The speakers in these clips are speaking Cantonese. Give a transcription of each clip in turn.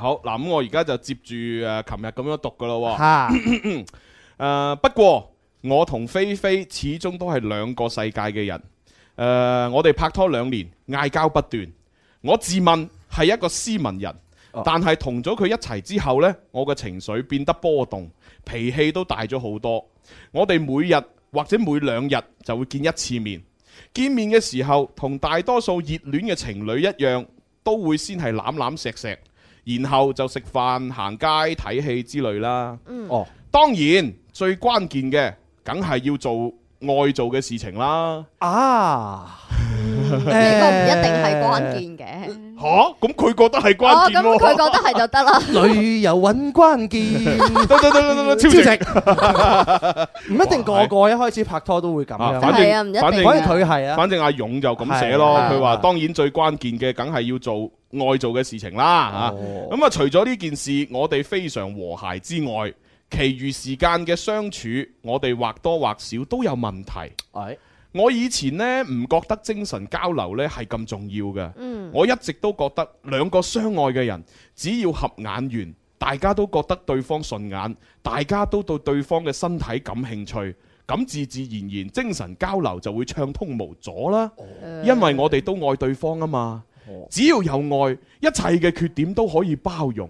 好嗱、呃咳咳呃，我而家就接住誒，琴日咁樣讀噶咯。嚇，不過我同菲菲始終都係兩個世界嘅人。誒、呃，我哋拍拖兩年，嗌交不斷。我自問係一個斯文人，哦、但係同咗佢一齊之後呢，我嘅情緒變得波動，脾氣都大咗好多。我哋每日或者每兩日就會見一次面，見面嘅時候同大多數熱戀嘅情侶一樣，都會先係攬攬錫錫。然後就食飯、行街、睇戲之類啦。哦，當然最關鍵嘅，梗係要做愛做嘅事情啦。啊，呢個唔一定係關鍵嘅。吓，咁佢覺得係關鍵。咁佢覺得係就得啦。旅遊搵關鍵，得得得得超正。唔一定個個一開始拍拖都會咁樣，係啊，反正佢係啊。反正阿勇就咁寫咯，佢話當然最關鍵嘅，梗係要做。愛做嘅事情啦吓，咁、哦、啊除咗呢件事，我哋非常和諧之外，其餘時間嘅相處，我哋或多或少都有問題。哎、我以前呢唔覺得精神交流呢係咁重要嘅，嗯、我一直都覺得兩個相愛嘅人只要合眼緣，大家都覺得對方順眼，大家都對對方嘅身體感興趣，咁自自然然精神交流就會暢通無阻啦。哦、因為我哋都愛對方啊嘛。只要有愛，一切嘅缺點都可以包容。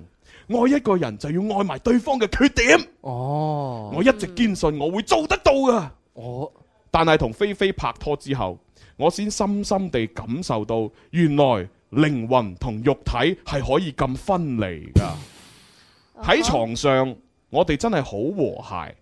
愛一個人就要愛埋對方嘅缺點。哦，oh, 我一直堅信我會做得到噶。我，oh. 但係同菲菲拍拖之後，我先深深地感受到，原來靈魂同肉體係可以咁分離噶。喺、oh. 床上，我哋真係好和諧。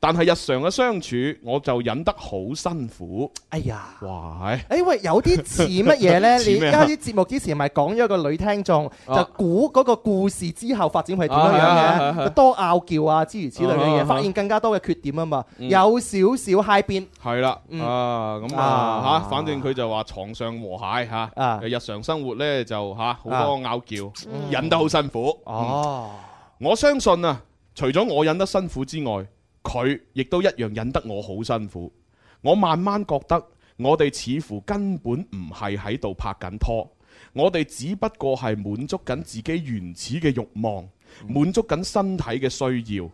但係日常嘅相處，我就忍得好辛苦。哎呀，哇，哎喂，有啲似乜嘢呢？你而家啲節目之前咪講咗個女聽眾，就估嗰個故事之後發展係點樣嘅，多拗撬啊，諸如此類嘅嘢，發現更加多嘅缺點啊嘛，有少少嗨邊。係啦，啊咁啊吓，反正佢就話床上和諧吓，日常生活呢，就吓好多拗撬，忍得好辛苦。哦，我相信啊，除咗我忍得辛苦之外。佢亦都一樣引得我好辛苦。我慢慢覺得，我哋似乎根本唔係喺度拍緊拖，我哋只不過係滿足緊自己原始嘅慾望，滿足緊身體嘅需要。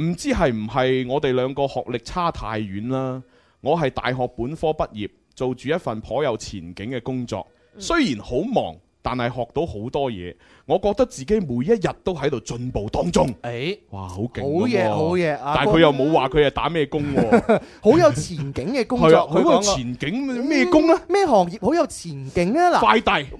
唔知係唔係我哋兩個學歷差太遠啦？我係大學本科畢業，做住一份頗有前景嘅工作，雖然好忙。但係學到好多嘢，我覺得自己每一日都喺度進步當中。誒，哇，好勁！好嘢，好嘢。但係佢又冇話佢係打咩工喎？ 好有前景嘅工作。好、 啊，好有前景咩工啊？咩行業好有前景啊？嗱的，快遞的，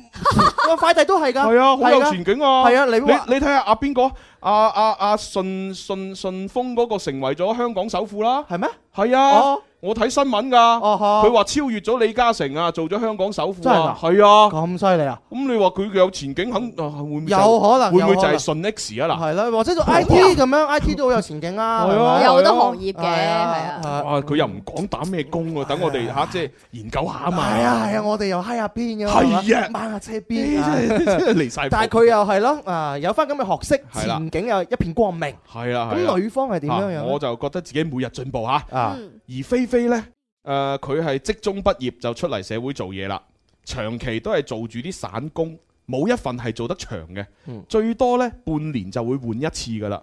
話快遞都係㗎。係啊，好有前景啊！係啊，你你睇下阿邊個？啊啊啊，順順順豐嗰個成為咗香港首富啦，係咩？係啊，我睇新聞㗎，佢話超越咗李嘉誠啊，做咗香港首富啊，係啊，咁犀利啊！咁你話佢有前景，肯會有可能會唔會就係順 X 啊？嗱，係啦，或者做 I T 咁樣，I T 都好有前景啊，有好多行業嘅係啊。哇！佢又唔講打咩工啊。等我哋嚇即係研究下啊嘛。係啊係啊，我哋又閪下邊嘅，係啊，買下車邊啊，真係離曬。但係佢又係咯，啊有返咁嘅學識係啦。景又一片光明，係啊！咁、啊、女方係點樣樣？我就覺得自己每日進步吓、啊，啊、而菲菲呢，誒、呃，佢係職中畢業就出嚟社會做嘢啦，長期都係做住啲散工，冇一份係做得長嘅，嗯、最多呢半年就會換一次噶啦，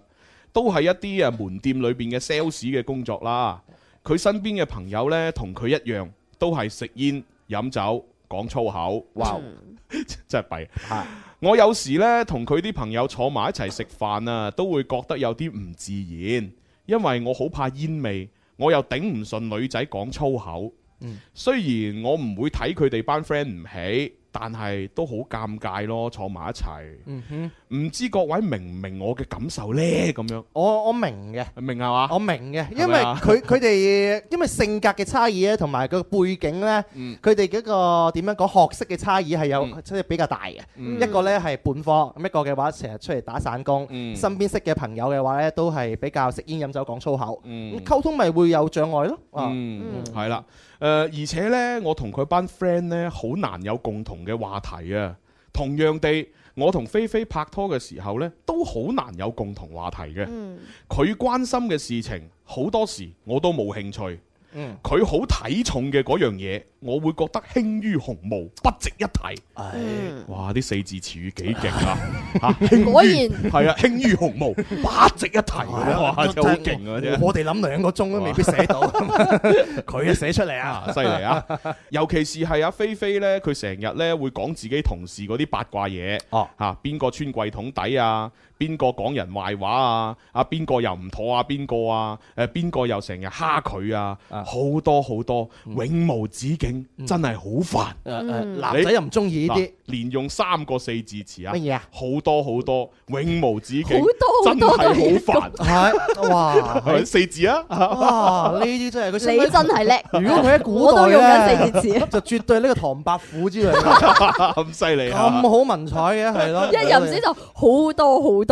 都係一啲誒門店裏邊嘅 sales 嘅工作啦。佢身邊嘅朋友呢，同佢一樣，都係食煙、飲酒、講粗口，哇， 真係弊吓。啊我有時咧同佢啲朋友坐埋一齊食飯啊，都會覺得有啲唔自然，因為我好怕煙味，我又頂唔順女仔講粗口。雖然我唔會睇佢哋班 friend 唔起。但係都好尷尬咯，坐埋一齊。唔知各位明唔明我嘅感受呢？咁樣，我我明嘅，明係嘛？我明嘅，因為佢佢哋因為性格嘅差異咧，同埋個背景呢，佢哋嗰個點樣講學識嘅差異係有即係比較大嘅。一個呢係本科，一個嘅話成日出嚟打散工，身邊識嘅朋友嘅話呢，都係比較食煙飲酒講粗口，咁溝通咪會有障礙咯。嗯，係啦。誒，而且呢，我同佢班 friend 呢，好難有共同。嘅話題啊，同樣地，我同菲菲拍拖嘅時候咧，都好難有共同話題嘅。佢、嗯、關心嘅事情好多時我都冇興趣。佢好睇重嘅嗰樣嘢，我會覺得輕於鴻毛，不值一提。嗯、哇！啲四字詞語幾勁啊！吓 於，輕於，果然係啊，輕於鴻毛，不值一提。好勁啊！啊我哋諗兩個鐘都未必寫到，佢啊寫出嚟啊，犀利啊，啊！尤其是係阿菲菲呢，佢成日呢會講自己同事嗰啲八卦嘢，吓邊個穿櫃桶底啊？邊個講人壞話啊？啊邊個又唔妥啊？邊個啊？誒邊個又成日蝦佢啊？好多好多，永無止境，真係好煩。男仔又唔中意呢啲，連用三個四字詞啊！乜嘢啊？好多好多，永無止境，真係好煩。係哇，四字啊！哇，呢啲真係佢真係叻。如果佢喺古代咧用緊四字詞，就絕對呢個唐伯虎之類，咁犀利咁好文采嘅係咯，一人唔知就好多好。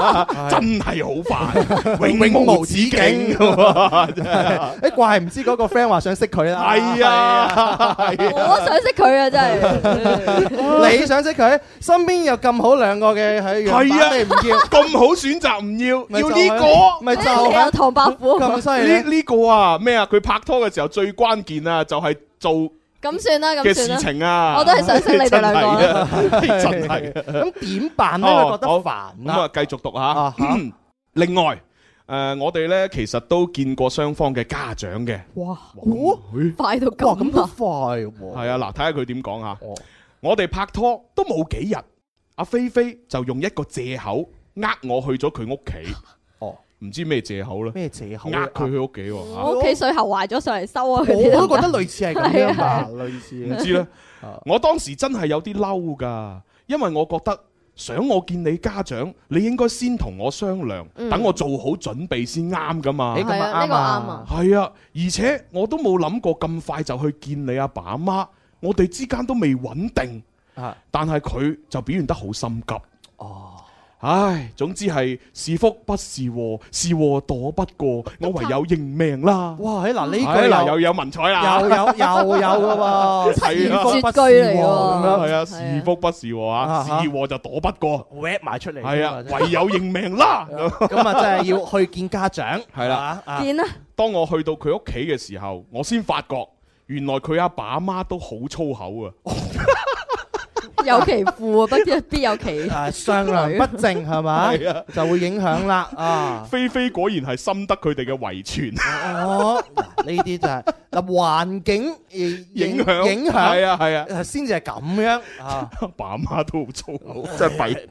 真係好煩，永永無止境。真係， 哎怪唔知嗰個 friend 話想識佢啦。係啊 我想識佢啊，真係。 你想識佢，身邊有咁好兩個嘅喺度，係啊 的，你唔要咁好選擇，唔要， 就要呢、這個，咪就唐伯虎咁犀利。呢、這個這個啊，咩啊？佢拍拖嘅時候最關鍵啊，就係做。咁算啦，咁算啦。我都係想識你哋兩個，真係。咁點辦咧？我覺得好煩啦。咁啊，繼續讀吓。另外，誒，我哋咧其實都見過雙方嘅家長嘅。哇，好快到咁啊！咁快喎。係啊，嗱，睇下佢點講吓。我哋拍拖都冇幾日，阿菲菲就用一個借口，呃我去咗佢屋企。唔知咩借口啦，咩藉口？壓佢去屋企， 啊、我屋企水喉壞咗，上嚟修啊！佢我都覺得類似係咁樣吧，是的 類似。唔知咧，我當時真係有啲嬲噶，因為我覺得想我見你家長，你應該先同我商量，等、嗯、我做好準備先啱噶嘛。呢個啱啊，係啊、這個，而且我都冇諗過咁快就去見你阿爸阿媽，我哋之間都未穩定，但係佢就表現得好心急。哦。唉，總之係是福不是禍，是禍躲不過，我唯有認命啦。哇！嗱呢句嗱又有文采啊，又有又有噶喎，七言絕句嚟喎。咁樣係啊，是福不是禍啊，是禍就躲不過，rap 埋出嚟。係啊，唯有認命啦。咁咁啊，真係要去見家長。係啦，見啦。當我去到佢屋企嘅時候，我先發覺原來佢阿爸阿媽都好粗口啊。 有其父，必必有其 相……上梁不正係嘛？係啊，就會影響啦。啊，菲菲 果然係深得佢哋嘅遺傳。 哦，呢啲就係嗱，環境影響影響，係啊係啊，先至係咁樣啊。啊 爸阿媽都好粗，即係弊，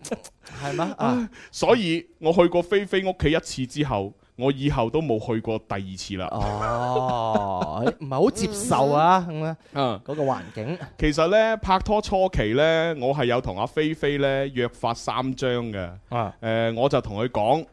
係嘛啊！所以我去過菲菲屋企一次之後，我以後都冇去過第二次啦。哦，唔係好接受啊咁咧。嗰、嗯、個環境、嗯。其實呢。拍拖初期呢，我係有同阿菲菲咧約法三章嘅。啊、呃，我就同佢講，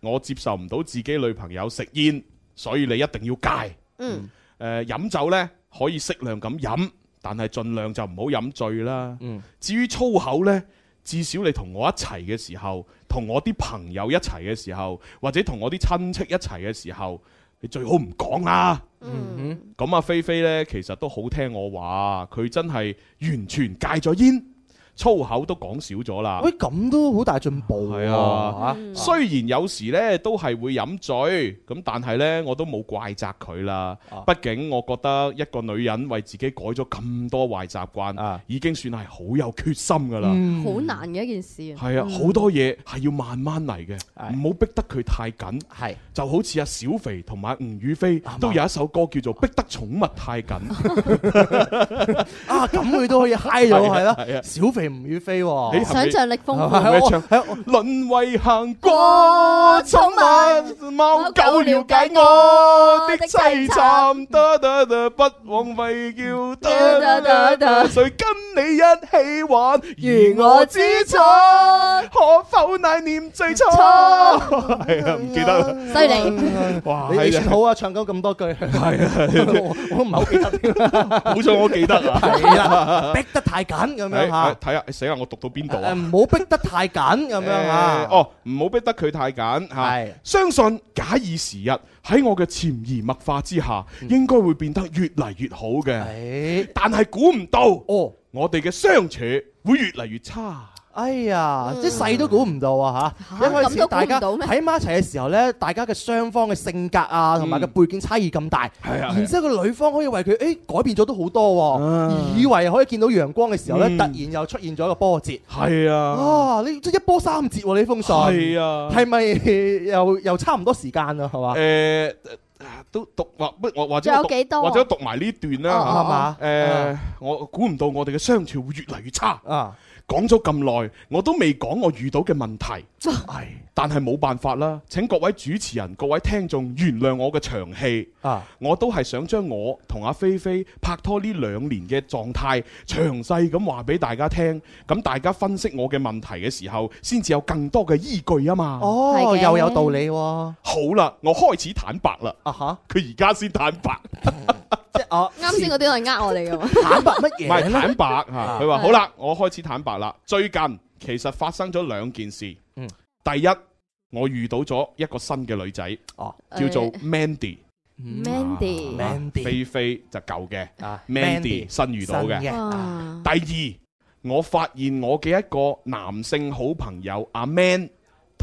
我接受唔到自己女朋友食煙，所以你一定要戒。嗯。誒、呃，飲酒呢，可以適量咁飲，但係盡量就唔好飲醉啦。嗯。至於粗口呢，至少你同我一齊嘅時候，同我啲朋友一齊嘅時候，或者同我啲親戚一齊嘅時候，你最好唔講啦。嗯哼。咁啊，菲菲呢，其實都好聽我話，佢真係完全戒咗煙，粗口都講少咗啦，喂，咁都好大進步啊！雖然有時咧都係會飲醉，咁但係咧我都冇怪責佢啦。畢竟我覺得一個女人為自己改咗咁多壞習慣，已經算係好有決心噶啦。嗯，好難嘅一件事。係啊，好多嘢係要慢慢嚟嘅，唔好逼得佢太緊，係就好似阿小肥同埋吳雨霏都有一首歌叫做《逼得寵物太緊》啊，咁佢都可以嗨咗，係啦。小肥。吳雨霏，想像力豐富，淪為行歌寵物，貓狗了解我的淒慘，不枉為叫，誰跟你一起玩？如我之錯，可否乃念最初？係啊，唔記得，犀利，哇，好啊，唱夠咁多句，係啊，我都唔係好記得，好彩我記得啊，係啊，逼得太緊咁樣吓。死啦、哎！我讀到邊度啊？唔好、啊、逼得太緊咁 樣啊。 哦，唔好逼得佢太緊吓。啊、是相信假以時日，喺我嘅潛移默化之下，應該會變得越嚟越好嘅。是但係估唔到，哦，我哋嘅相處會越嚟越差。哎呀，即細都估唔到啊！嚇，一開始大家喺埋一齊嘅時候呢，大家嘅雙方嘅性格啊，同埋個背景差異咁大，然之後個女方可以為佢，誒改變咗都好多喎，以為可以見到陽光嘅時候呢，突然又出現咗一個波折，係啊。哇！呢即一波三折喎，呢封信係咪又又差唔多時間啊？係嘛？誒，都讀或不或或者或者讀埋呢段啦，係嘛？誒，我估唔到我哋嘅相處會越嚟越差啊！講咗咁耐，我都未講我遇到嘅問題。真係是，但係冇辦法啦。請各位主持人、各位聽眾原諒我嘅長氣。啊，我都係想將我同阿菲菲拍拖呢兩年嘅狀態詳細咁話俾大家聽。咁大家分析我嘅問題嘅時候，先至有更多嘅依據啊嘛。哦，又有道理喎，啊。好啦，我開始坦白啦。啊哈，佢而家先坦白。 啱先嗰啲係呃我哋噶嘛？坦白乜嘢？唔係坦白吓，佢話好啦，我開始坦白啦。最近其實發生咗兩件事。嗯，第一，我遇到咗一個新嘅女仔，哦，叫做 Mandy。Mandy，Mandy，菲菲就舊嘅啊，Mandy 新遇到嘅。第二，我發現我嘅一個男性好朋友阿 Man。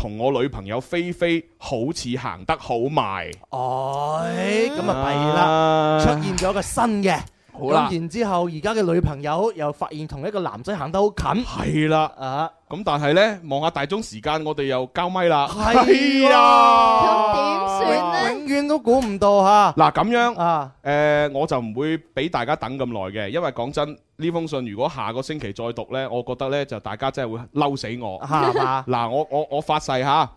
同我女朋友菲菲好似行得好埋，哦、哎，咁啊係啦，出現咗個新嘅。好啦，然之後而家嘅女朋友又發現同一個男仔行得好近，係啦啊！咁但係呢，望下大鐘時間，我哋又交咪啦，係呀，咁點算咧？永遠都估唔到吓。嗱咁樣啊，誒，我就唔會俾大家等咁耐嘅，因為講真，呢封信如果下個星期再讀呢，我覺得呢，就大家真係會嬲死我，係嘛？嗱，我我我發誓吓。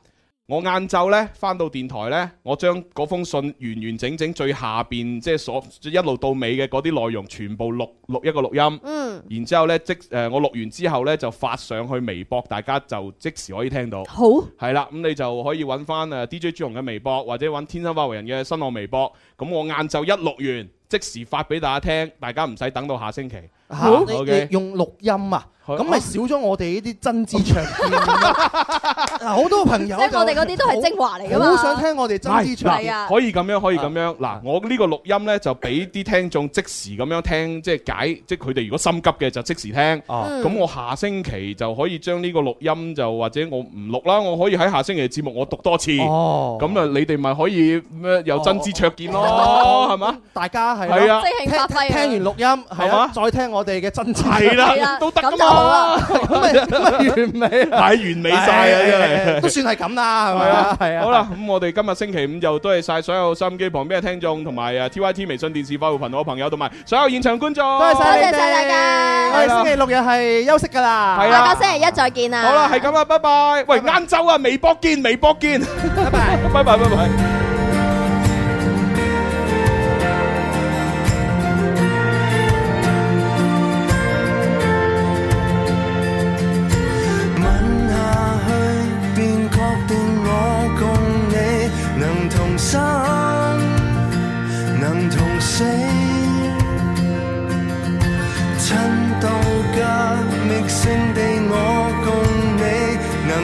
我晏晝呢，翻到電台呢，我將嗰封信完完整整最下邊即係所一路到尾嘅嗰啲內容全部錄錄一個錄音，嗯，然之後呢即誒、呃、我錄完之後呢，就發上去微博，大家就即時可以聽到，好，係啦，咁你就可以揾翻 DJ 朱紅嘅微博，或者揾天生發為人嘅新浪微博，咁我晏晝一錄完即時發俾大家聽，大家唔使等到下星期，啊啊 okay、用錄音啊，咁咪、啊、少咗我哋呢啲真知灼見。 嗱，好多朋友即係我哋嗰啲都係精華嚟㗎嘛，好想聽我哋真知灼見啊！可以咁樣，可以咁樣。嗱，我呢個錄音咧就俾啲聽眾即時咁樣聽，即係解，即係佢哋如果心急嘅就即時聽。哦，咁我下星期就可以將呢個錄音就或者我唔錄啦，我可以喺下星期嘅節目我讀多次。哦，咁啊，你哋咪可以咩有真知灼見咯？係嘛，大家係啊，聽聽完錄音係啊，再聽我哋嘅真知灼見係啦，都得㗎嘛，咁完美，係完美晒。啊！都算係咁啦，係咪啊？係啊。好啦，咁我哋今日星期五就多謝晒所有收音機旁邊嘅聽眾，同埋啊 T Y T 微信電視發育頻道嘅朋友，同埋所有現場觀眾，多謝晒，多謝晒大家。我哋星期六日係休息噶啦，大家星期一再見啊。好啦，係咁啦，拜拜。喂，晏晝啊，微博見，微博見。拜拜，拜拜，拜拜。